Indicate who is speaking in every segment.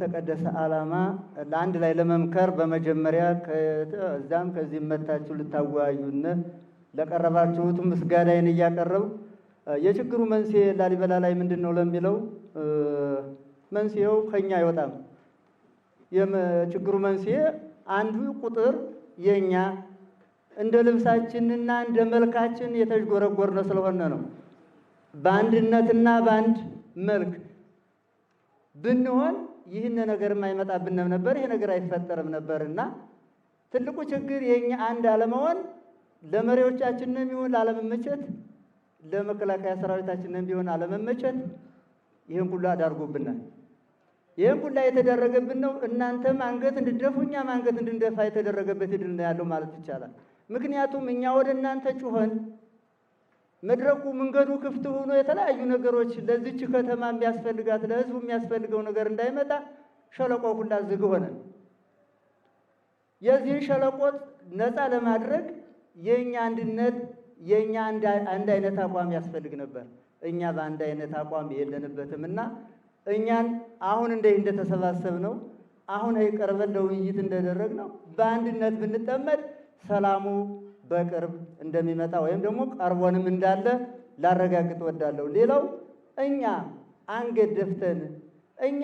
Speaker 1: ለተቀደሰ ዓላማ ለአንድ ላይ ለመምከር በመጀመሪያ እዛም ከዚህ መታችሁ ልታወያዩን ለቀረባችሁትም ምስጋናዬን እያቀረብ የችግሩ መንስኤ ላሊበላ ላይ ምንድን ነው ለሚለው መንስኤው ከኛ አይወጣም። የችግሩ መንስኤ አንዱ ቁጥር የኛ እንደ ልብሳችንና እንደ መልካችን የተዥጎረጎርነ ስለሆነ ነው። በአንድነትና በአንድ መልክ ብንሆን ይህን ነገርም አይመጣብንም ነበር፣ ይሄ ነገር አይፈጠርም ነበር እና ትልቁ ችግር የኛ አንድ አለመሆን ለመሪዎቻችንም ይሁን ላለመመቸት፣ ለመከላከያ ሰራዊታችንም ቢሆን አለመመቸት ይህን ሁሉ አዳርጎብናል። ይህን ሁሉ የተደረገብን ነው። እናንተም አንገት እንድደፉ እኛም አንገት እንድንደፋ የተደረገበት ድል ነው ያለው ማለት ይቻላል። ምክንያቱም እኛ ወደ እናንተ ጩኸን መድረኩ መንገዱ ክፍት ሆኖ የተለያዩ ነገሮች ለዚች ከተማ የሚያስፈልጋት ለህዝቡ የሚያስፈልገው ነገር እንዳይመጣ ሸለቆ ሁላ ዝግ ሆነ። የዚህን ሸለቆት ነፃ ለማድረግ የእኛ አንድነት የእኛ አንድ አይነት አቋም ያስፈልግ ነበር። እኛ በአንድ አይነት አቋም የለንበትም እና እኛን አሁን እንደ እንደተሰባሰብ ነው አሁን ቀርበን ለውይይት እንደደረግ ነው በአንድነት ብንጠመድ ሰላሙ በቅርብ እንደሚመጣ ወይም ደግሞ ቀርቦንም እንዳለ ላረጋግጥ ወዳለሁ። ሌላው እኛ አንገት ደፍተን እኛ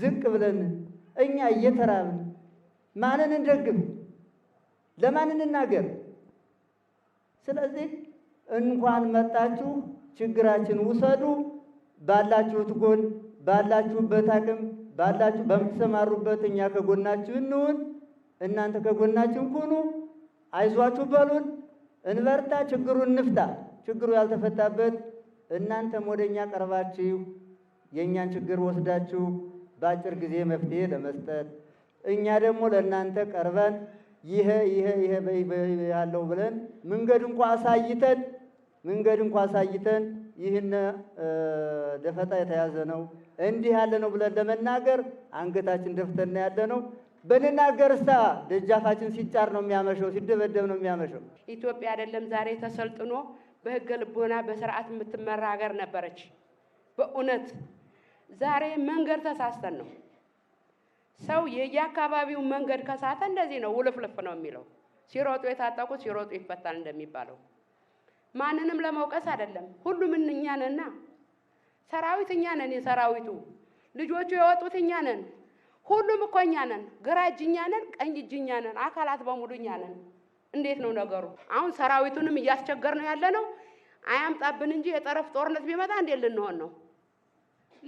Speaker 1: ዝቅ ብለን እኛ እየተራብን ማንን እንደግም? ለማን እንናገር? ስለዚህ እንኳን መጣችሁ ችግራችን ውሰዱ። ባላችሁት ጎን፣ ባላችሁበት አቅም፣ ባላችሁ በምትሰማሩበት እኛ ከጎናችሁ እንሁን፣ እናንተ ከጎናችን ሁኑ። አይዟችሁ በሉን፣ እንበርታ፣ ችግሩን እንፍታ። ችግሩ ያልተፈታበት እናንተም ወደ እኛ ቀርባችሁ የእኛን ችግር ወስዳችሁ በአጭር ጊዜ መፍትሄ ለመስጠት እኛ ደግሞ ለእናንተ ቀርበን ይሄ ይሄ ይሄ ያለው ብለን መንገድ እንኳ አሳይተን መንገድ እንኳ አሳይተን ይህን ደፈጣ የተያዘ ነው እንዲህ ያለ ነው ብለን ለመናገር አንገታችን ደፍተና ያለ ነው። ብንናገርስታ ደጃፋችን ሲጫር ነው የሚያመሸው፣ ሲደበደብ ነው የሚያመሸው።
Speaker 2: ኢትዮጵያ አይደለም ዛሬ ተሰልጥኖ በህገ ልቦና በስርዓት የምትመራ ሀገር ነበረች። በእውነት ዛሬ መንገድ ተሳስተን ነው። ሰው የየአካባቢው መንገድ ከሳተ እንደዚህ ነው፣ ውልፍልፍ ነው የሚለው። ሲሮጡ የታጠቁት ሲሮጡ ይፈታል እንደሚባለው። ማንንም ለመውቀስ አይደለም፣ ሁሉም እኛ ነንና ሰራዊት እኛ ነን። የሰራዊቱ ልጆቹ የወጡት እኛ ነን። ሁሉም እኮ እኛ ነን። ግራ እጅኛነን ነን፣ ቀኝ እጅ ነን፣ አካላት በሙሉ እኛ ነን። እንዴት ነው ነገሩ? አሁን ሰራዊቱንም እያስቸገር ነው ያለ ነው። አያምጣብን እንጂ የጠረፍ ጦርነት ቢመጣ እንዴት ልንሆን ነው?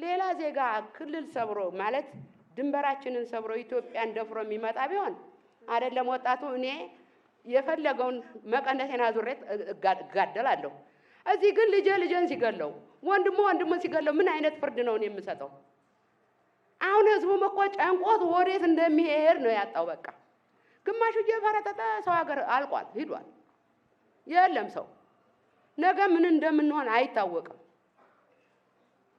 Speaker 2: ሌላ ዜጋ ክልል ሰብሮ ማለት ድንበራችንን ሰብሮ ኢትዮጵያን ደፍሮ የሚመጣ ቢሆን አይደለም ወጣቱ እኔ የፈለገውን መቀነቴን አዙሬ እጋደላለሁ። እዚህ ግን ልጄ ልጄን ሲገለው፣ ወንድሞ ወንድሞ ሲገለው ምን አይነት ፍርድ ነው የምሰጠው? አሁን ህዝቡም እኮ ጨንቆት ወዴት እንደሚሄድ ነው ያጣው። በቃ ግማሹ እየፈረጠጠ ሰው ሀገር አልቋል ሂዷል። የለም ሰው ነገ ምን እንደምንሆን አይታወቅም።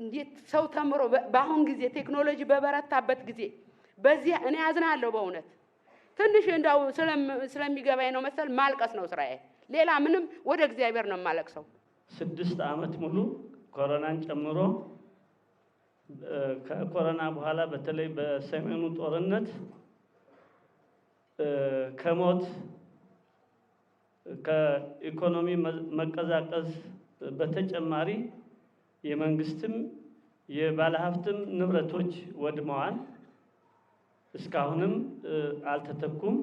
Speaker 2: እንዴት ሰው ተምሮ በአሁን ጊዜ ቴክኖሎጂ በበረታበት ጊዜ በዚህ እኔ አዝናለሁ በእውነት ትንሽ እንዳው ስለሚገባኝ ነው መሰል ማልቀስ ነው ስራዬ። ሌላ ምንም ወደ እግዚአብሔር ነው የማለቅሰው።
Speaker 3: ስድስት ዓመት ሙሉ ኮሮናን ጨምሮ ከኮረና በኋላ በተለይ በሰሜኑ ጦርነት ከሞት ከኢኮኖሚ መቀዛቀዝ በተጨማሪ የመንግስትም የባለሀብትም ንብረቶች ወድመዋል። እስካሁንም አልተተኩም።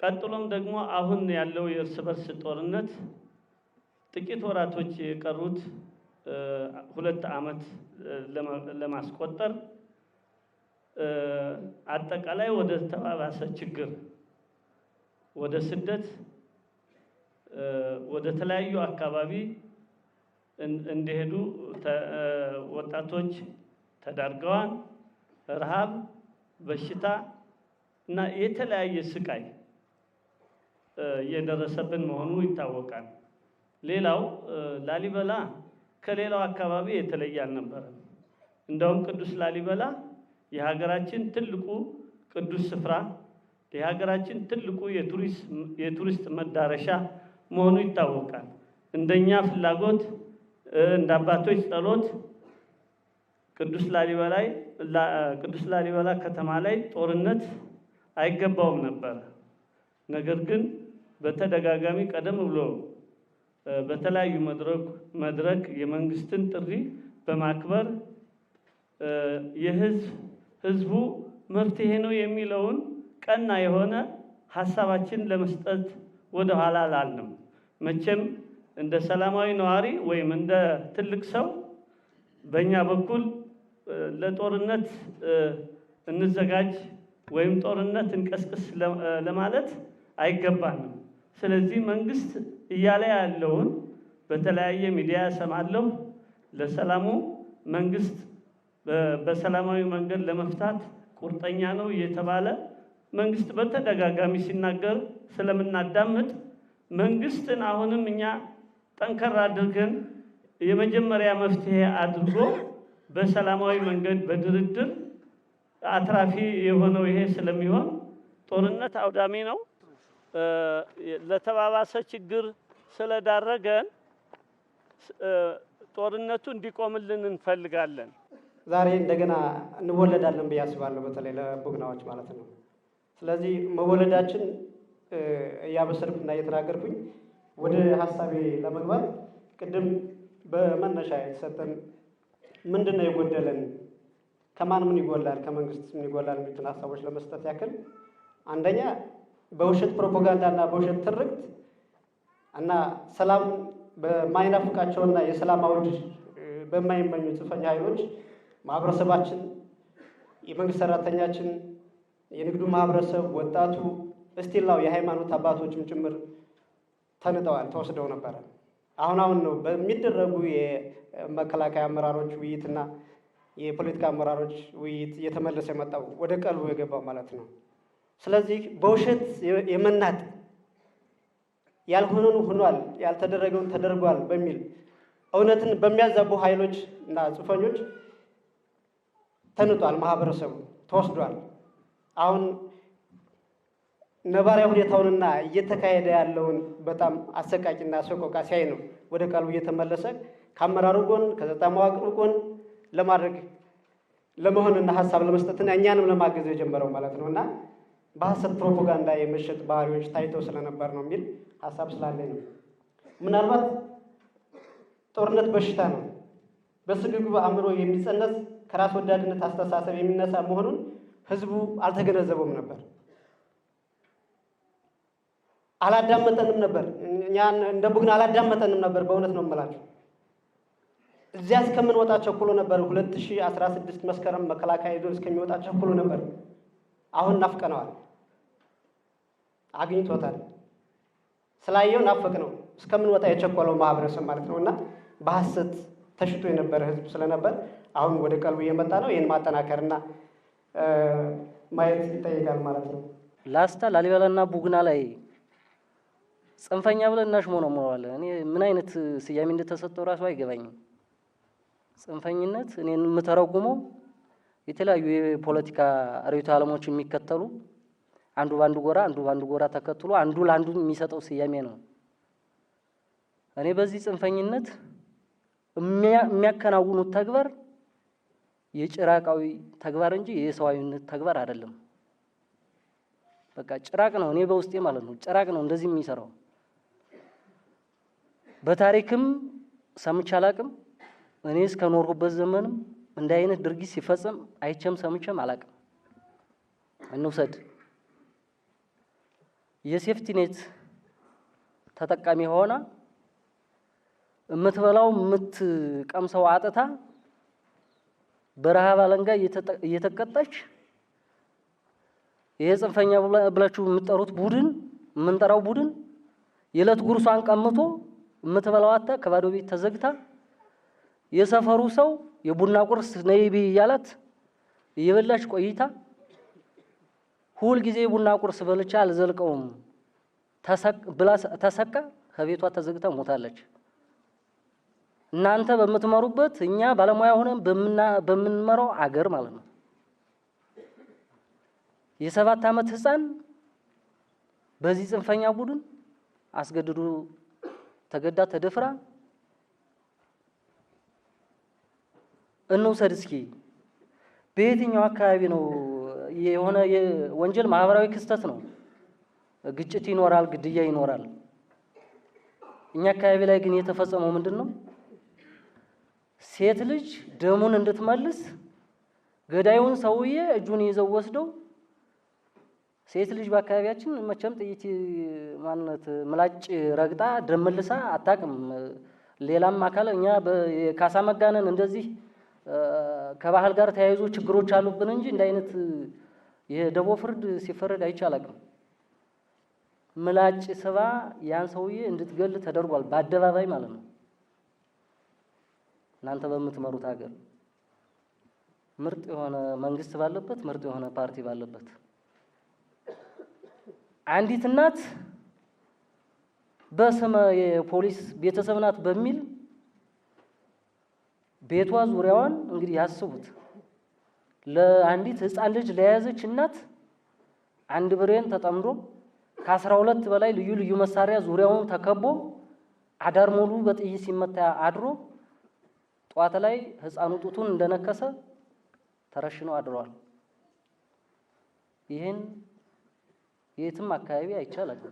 Speaker 3: ቀጥሎም ደግሞ አሁን ያለው የእርስ በርስ ጦርነት ጥቂት ወራቶች የቀሩት ሁለት ዓመት ለማስቆጠር አጠቃላይ ወደ ተባባሰ ችግር ወደ ስደት ወደ ተለያዩ አካባቢ እንደሄዱ ወጣቶች ተዳርገዋል። ረሃብ፣ በሽታ እና የተለያየ ስቃይ የደረሰብን መሆኑ ይታወቃል። ሌላው ላሊበላ ከሌላው አካባቢ የተለየ አልነበረም። እንደውም ቅዱስ ላሊበላ የሀገራችን ትልቁ ቅዱስ ስፍራ የሀገራችን ትልቁ የቱሪስት መዳረሻ መሆኑ ይታወቃል። እንደኛ ፍላጎት እንደ አባቶች ጸሎት ቅዱስ ላሊበላ ከተማ ላይ ጦርነት አይገባውም ነበር ነገር ግን በተደጋጋሚ ቀደም ብሎ በተለያዩ መድረክ የመንግስትን ጥሪ በማክበር የህዝብ ህዝቡ መፍትሄ ነው የሚለውን ቀና የሆነ ሀሳባችን ለመስጠት ወደኋላ አላልንም። መቼም እንደ ሰላማዊ ነዋሪ ወይም እንደ ትልቅ ሰው በእኛ በኩል ለጦርነት እንዘጋጅ ወይም ጦርነት እንቀስቅስ ለማለት አይገባንም። ስለዚህ መንግስት እያለ ያለውን በተለያየ ሚዲያ ያሰማለሁ። ለሰላሙ መንግስት በሰላማዊ መንገድ ለመፍታት ቁርጠኛ ነው እየተባለ መንግስት በተደጋጋሚ ሲናገር ስለምናዳምጥ መንግስትን አሁንም እኛ ጠንከር አድርገን የመጀመሪያ መፍትሄ አድርጎ በሰላማዊ መንገድ በድርድር አትራፊ የሆነው ይሄ ስለሚሆን
Speaker 4: ጦርነት አውዳሚ ነው። ለተባባሰ ችግር ስለዳረገን ጦርነቱ እንዲቆምልን እንፈልጋለን።
Speaker 1: ዛሬ እንደገና እንወለዳለን ብዬ አስባለሁ፣ በተለይ ለቡግናዎች ማለት ነው። ስለዚህ መወለዳችን እና እየተናገርኩኝ ወደ ሀሳቤ ለመግባት ቅድም በመነሻ የተሰጠን ምንድን ነው የጎደለን፣ ከማን ምን ይጎላል፣ ከመንግስት ምን ይጎላል የሚሉትን ሀሳቦች ለመስጠት ያክል አንደኛ በውሸት ፕሮፓጋንዳ እና በውሸት ትርክት እና ሰላም በማይናፍቃቸው እና የሰላም አውድ በማይመኙ ጽንፈኛ ኃይሎች ማህበረሰባችን፣ የመንግስት ሰራተኛችን፣ የንግዱ ማህበረሰብ፣ ወጣቱ እስቲላው የሃይማኖት አባቶችም ጭምር ተንጠዋል፣ ተወስደው ነበረ። አሁን አሁን ነው በሚደረጉ የመከላከያ አመራሮች ውይይትና የፖለቲካ አመራሮች ውይይት እየተመለሰ የመጣው ወደ ቀልቡ የገባው ማለት ነው። ስለዚህ በውሸት የመናጥ ያልሆነን ሆኗል፣ ያልተደረገውን ተደርጓል በሚል እውነትን በሚያዛቡ ኃይሎች እና ጽፈኞች ተንጧል፣ ማህበረሰቡ ተወስዷል። አሁን ነባሪያ ሁኔታውንና እየተካሄደ ያለውን በጣም አሰቃቂና ሰቆቃ ሲያይ ነው ወደ ቃሉ እየተመለሰ ከአመራሩ ጎን ከዘጣ መዋቅሩ ጎን ለማድረግ ለመሆንና ሀሳብ ለመስጠትና እኛንም ለማገዝ የጀመረው ማለት ነው እና በሐሰት ፕሮፓጋንዳ የመሸጥ ባህሪዎች ታይተው ስለነበር ነው የሚል ሀሳብ ስላለኝ ነው። ምናልባት ጦርነት በሽታ ነው፣ በስግብግብ አእምሮ የሚጸነስ ከራስ ወዳድነት አስተሳሰብ የሚነሳ መሆኑን ህዝቡ አልተገነዘበውም ነበር፣ አላዳመጠንም ነበር። እኛ እንደ ቡግን አላዳመጠንም ነበር። በእውነት ነው የምላቸው። እዚያ እስከምንወጣ ቸኩሎ ነበር። 2016 መስከረም መከላከያ ይዞ እስከሚወጣ ቸኩሎ ነበር። አሁን ናፍቀነዋል፣ አግኝቶታል። ስላየው ናፍቅ ነው እስከምን ወጣ የቸኮለው ማህበረሰብ ማለት ነው እና በሀሰት ተሽቶ የነበረ ህዝብ ስለነበር አሁን ወደ ቀልቡ እየመጣ ነው። ይህን ማጠናከርና ማየት ይጠይቃል ማለት ነው።
Speaker 5: ላስታ ላሊበላና ቡግና ላይ ጽንፈኛ ብለን መዋለ እኔ ምን አይነት ስያሜ እንደተሰጠው ራሱ አይገባኝም። ጽንፈኝነት እኔ የምተረጉመው የተለያዩ የፖለቲካ ርዕዮተ ዓለሞች የሚከተሉ አንዱ በአንዱ ጎራ አንዱ በአንዱ ጎራ ተከትሎ አንዱ ለአንዱ የሚሰጠው ስያሜ ነው። እኔ በዚህ ጽንፈኝነት የሚያከናውኑት ተግባር የጭራቃዊ ተግባር እንጂ የሰዋዊነት ተግባር አይደለም። በቃ ጭራቅ ነው፣ እኔ በውስጤ ማለት ነው ጭራቅ ነው እንደዚህ የሚሰራው። በታሪክም ሰምቼ አላቅም እኔ እስከኖርሁበት ዘመንም እንደ አይነት ድርጊት ሲፈጽም አይቸም ሰምቼም አላቅም። እንውሰድ የሴፍቲኔት ተጠቃሚ ሆና የምትበላው የምትቀምሰው አጥታ በረሃብ አለንጋ እየተቀጣች ይሄ ጽንፈኛ ብላችሁ የምትጠሩት ቡድን የምንጠራው ቡድን የዕለት ጉርሷን ቀምቶ የምትበላው አጥታ ከባዶ ቤት ተዘግታ የሰፈሩ ሰው የቡና ቁርስ ነይቢ እያላት እየበላች ቆይታ ሁል ጊዜ የቡና ቁርስ በልቻ አልዘልቀውም ብላ ተሰቃ ከቤቷ ተዘግታ ሞታለች። እናንተ በምትመሩበት እኛ ባለሙያ ሆነን በምንመራው አገር ማለት ነው። የሰባት ዓመት ህፃን በዚህ ጽንፈኛ ቡድን አስገድዶ ተገዳ ተደፍራ እንውሰድ እስኪ በየትኛው አካባቢ ነው የሆነ ወንጀል ማህበራዊ ክስተት ነው። ግጭት ይኖራል፣ ግድያ ይኖራል። እኛ አካባቢ ላይ ግን የተፈጸመው ምንድን ነው? ሴት ልጅ ደሙን እንድትመልስ ገዳዩን ሰውዬ እጁን ይዘው ወስደው ሴት ልጅ በአካባቢያችን መቼም ጥይት ማነት ምላጭ ረግጣ ደም መልሳ አታውቅም። ሌላም አካል እኛ ካሳ መጋነን እንደዚህ ከባህል ጋር ተያይዞ ችግሮች አሉብን እንጂ እንደ አይነት የደቦ ፍርድ ሲፈረድ አይቻላቅም። ምላጭ ስባ ያን ሰውዬ እንድትገል ተደርጓል፣ በአደባባይ ማለት ነው። እናንተ በምትመሩት ሀገር ምርጥ የሆነ መንግስት ባለበት፣ ምርጥ የሆነ ፓርቲ ባለበት አንዲት እናት በስመ የፖሊስ ቤተሰብ ናት በሚል ቤቷ ዙሪያዋን እንግዲህ ያስቡት። ለአንዲት ህፃን ልጅ ለያዘች እናት አንድ ብሬን ተጠምዶ ከአስራ ሁለት በላይ ልዩ ልዩ መሳሪያ ዙሪያውን ተከቦ አዳር ሙሉ በጥይት ሲመታ አድሮ ጠዋት ላይ ህፃኑ ጡቱን እንደነከሰ ተረሽኖ አድሯል። ይህን የትም አካባቢ አይቻላል።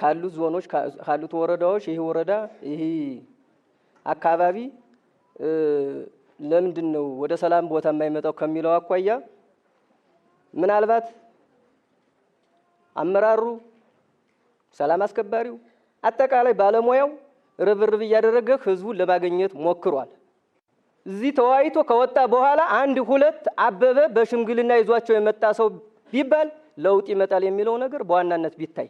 Speaker 1: ካሉት ዞኖች ካሉት ወረዳዎች ይህ ወረዳ ይሄ አካባቢ ለምንድን ነው ወደ ሰላም ቦታ የማይመጣው ከሚለው አኳያ ምናልባት አመራሩ፣ ሰላም አስከባሪው፣ አጠቃላይ ባለሙያው ርብርብ እያደረገ ህዝቡን ለማግኘት ሞክሯል። እዚህ ተወያይቶ ከወጣ በኋላ አንድ ሁለት አበበ በሽምግልና ይዟቸው የመጣ ሰው ቢባል ለውጥ ይመጣል የሚለው ነገር በዋናነት ቢታይ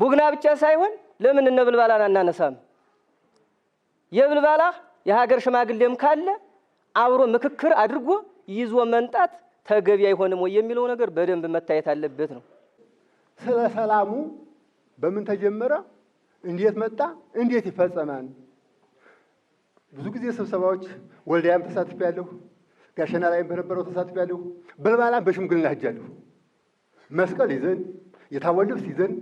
Speaker 1: ቡግና ብቻ ሳይሆን ለምን እነ ብልባላን አናነሳም? የብልባላ የሀገር ሽማግሌም ካለ አብሮ ምክክር አድርጎ ይዞ መንጣት ተገቢ አይሆንም ወይ የሚለው ነገር በደንብ መታየት አለበት ነው።
Speaker 6: ስለ ሰላሙ በምን ተጀመረ፣ እንዴት መጣ፣ እንዴት ይፈጸማል? ብዙ ጊዜ ስብሰባዎች ተሳትፍ ያለሁ ጋሸና ላይም በነበረው ያለሁ ብልባላም በሽምግልና ሄጃለሁ። መስቀል ይዘን የታወልብስ ይዘን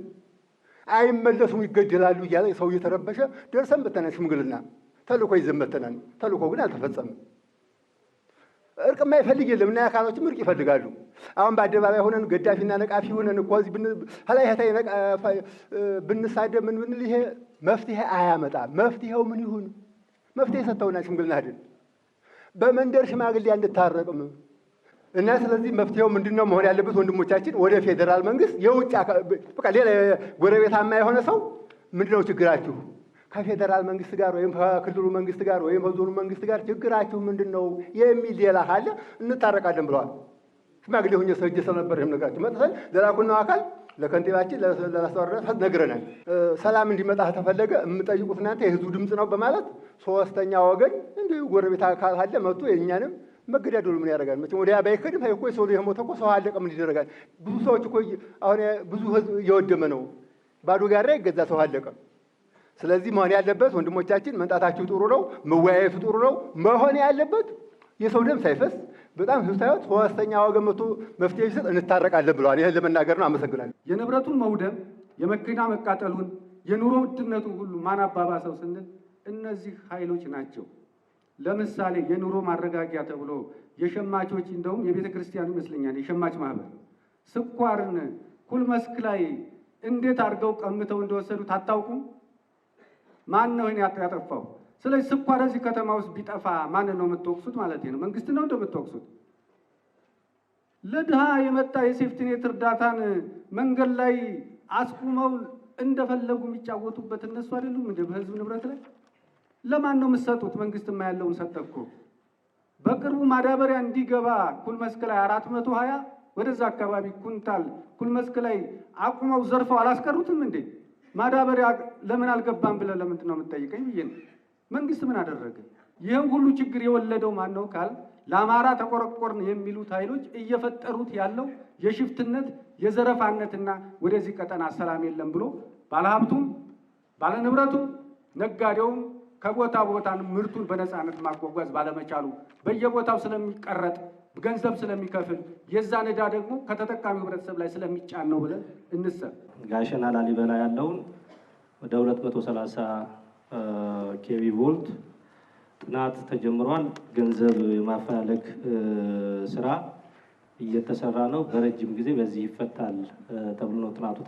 Speaker 6: አይመለሱም፣ ይገደላሉ እያለ ሰው እየተረበሸ ደርሰን በተነ ሽምግልና ተልኮ ይዘን በተነን። ተልኮ ግን አልተፈጸምም። እርቅ የማይፈልግ የለም እና የአካሎችም እርቅ ይፈልጋሉ። አሁን በአደባባይ ሆነን ገዳፊና ነቃፊ ሆነን እኮ እዚህ ብንሳደብ ምን ብንል ይሄ መፍትሄ አያመጣም። መፍትሄው ምን ይሁን? መፍትሄ ሰጥተውና ሽምግልና አይደል በመንደር ሽማግሌ አንድታረቅም እና ስለዚህ መፍትሄው ምንድነው መሆን ያለበት? ወንድሞቻችን ወደ ፌዴራል መንግስት የውጭ በቃ ሌላ ጎረቤታማ የሆነ ሰው ምንድነው ችግራችሁ ከፌዴራል መንግስት ጋር ወይም ከክልሉ መንግስት ጋር ወይም ከዞኑ መንግስት ጋር ችግራችሁ ምንድን ነው የሚል ሌላ ካለ እንታረቃለን ብለዋል። ሽማግሌ ሁኜ ሰው እጀ ስለነበር ይህም ነገራቸው መጥተን ለላኩናው አካል ለከንቲባችን ለላስተዋረዳት ነግረናል። ሰላም እንዲመጣ ከተፈለገ የምጠይቁት እናንተ የህዝቡ ድምፅ ነው በማለት ሶስተኛ ወገን እንዲሁ ጎረቤት አካል አለ መጡ የእኛንም መገዳደሉ ምን ያደርጋል? መቼም ወዲያ ባይከድም እኮ የሰው ልጅ የሞተ እኮ ሰው አለቀ። ምን ይደረጋል? ብዙ ሰዎች እኮ አሁን ብዙ ህዝብ እየወደመ ነው። ባዶ ጋራ ይገዛ ሰው አለቀ። ስለዚህ መሆን ያለበት ወንድሞቻችን፣ መምጣታችሁ ጥሩ ነው፣ መወያየቱ ጥሩ ነው። መሆን ያለበት የሰው ደም ሳይፈስ በጣም ህብታዮት ሶስተኛ ወገን መቶ መፍትሄ ቢሰጥ እንታረቃለን ብለዋል። ይህን ለመናገር ነው። አመሰግናለሁ።
Speaker 7: የንብረቱን መውደም፣ የመኪና መቃጠሉን፣ የኑሮ ውድነቱ ሁሉ ማን አባባሰው ስንል እነዚህ ኃይሎች ናቸው። ለምሳሌ የኑሮ ማረጋጊያ ተብሎ የሸማቾች እንደውም የቤተ ክርስቲያኑ ይመስለኛል የሸማች ማህበር ስኳርን ኩል መስክ ላይ እንዴት አድርገው ቀምተው እንደወሰዱት አታውቁም? ማን ነው ይህን ያጠፋው? ስለዚህ ስኳር እዚህ ከተማ ውስጥ ቢጠፋ ማን ነው የምትወቅሱት ማለት ነው? መንግስት ነው እንደምትወቅሱት። ለድሃ የመጣ የሴፍቲኔት እርዳታን መንገድ ላይ አስቁመው እንደፈለጉ የሚጫወቱበት እነሱ አይደሉም እንደ በህዝብ ንብረት ላይ ለማን ነው የምትሰጡት? መንግስትማ ያለውን ሰጠኩ። በቅርቡ ማዳበሪያ እንዲገባ ኩል መስክ ላይ አራት መቶ ሀያ ወደዛ አካባቢ ኩንታል ኩል መስክ ላይ አቁመው ዘርፈው አላስቀሩትም እንዴ? ማዳበሪያ ለምን አልገባም ብለህ ለምንድን ነው የምትጠይቀኝ? ብዬ መንግስት ምን አደረገ? ይህም ሁሉ ችግር የወለደው ማን ነው ካል ለአማራ ተቆረቆርን የሚሉት ኃይሎች እየፈጠሩት ያለው የሽፍትነት የዘረፋነትና ወደዚህ ቀጠና ሰላም የለም ብሎ ባለሀብቱም ባለንብረቱም ነጋዴውም ከቦታ ቦታ ምርቱን በነፃነት ማጓጓዝ ባለመቻሉ በየቦታው ስለሚቀረጥ ገንዘብ ስለሚከፍል የዛ ነዳ ደግሞ ከተጠቃሚ ህብረተሰብ ላይ ስለሚጫን ነው ብለን እንሰብ
Speaker 8: ጋሸና ላሊበላ ያለውን ወደ 230 ኬቪ ቮልት ጥናት ተጀምሯል። ገንዘብ የማፈላለግ ስራ እየተሰራ ነው። በረጅም ጊዜ በዚህ ይፈታል ተብሎ ነው ጥናቱ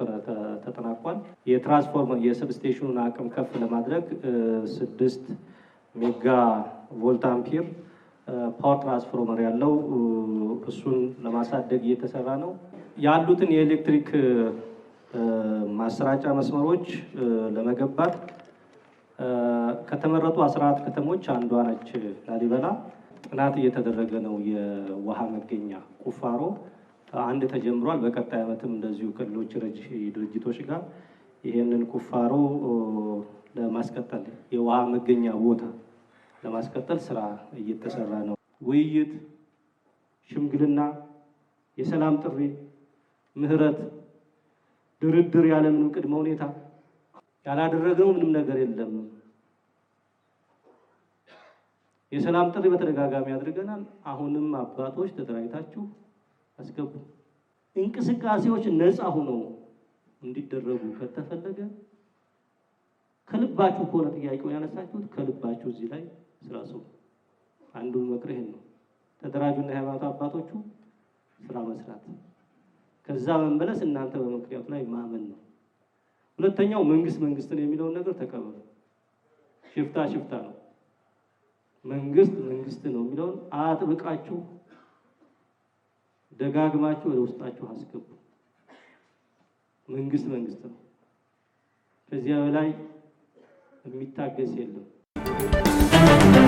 Speaker 8: ተጠናቋል። የትራንስፎርመር የሰብስቴሽኑን አቅም ከፍ ለማድረግ ስድስት ሜጋ ቮልት አምፒር ፓወር ትራንስፎርመር ያለው እሱን ለማሳደግ እየተሰራ ነው። ያሉትን የኤሌክትሪክ ማሰራጫ መስመሮች ለመገንባት ከተመረጡ አስራ አራት ከተሞች አንዷ ነች ላሊበላ። ጥናት እየተደረገ ነው። የውሃ መገኛ ቁፋሮ አንድ ተጀምሯል። በቀጣይ ዓመትም እንደዚሁ ከሌሎች ረጅ ድርጅቶች ጋር ይህንን ቁፋሮ ለማስቀጠል የውሃ መገኛ ቦታ ለማስቀጠል ስራ እየተሰራ ነው። ውይይት፣ ሽምግልና፣ የሰላም ጥሪ፣ ምህረት፣ ድርድር ያለምንም ቅድመ ሁኔታ ያላደረግነው ምንም ነገር የለም። የሰላም ጥሪ በተደጋጋሚ አድርገናል። አሁንም አባቶች ተደራጅታችሁ አስገቡ። እንቅስቃሴዎች ነጻ ሆነው እንዲደረጉ ከተፈለገ ከልባችሁ ከሆነ ጥያቄውን ያነሳችሁት ከልባችሁ እዚህ ላይ ስራ አንዱ መቅረህ ነው። ተደራጁና የሃይማኖት አባቶቹ ስራ መስራት ከዛ መመለስ እናንተ በምክንያቱ ላይ ማመን ነው። ሁለተኛው መንግስት መንግስትን የሚለውን ነገር ተቀበሉ። ሽፍታ ሽፍታ ነው። መንግስት መንግስት ነው የሚለውን አጥብቃችሁ ደጋግማችሁ ወደ ውስጣችሁ አስገቡ። መንግስት መንግስት ነው። ከዚያ በላይ የሚታገስ የለም።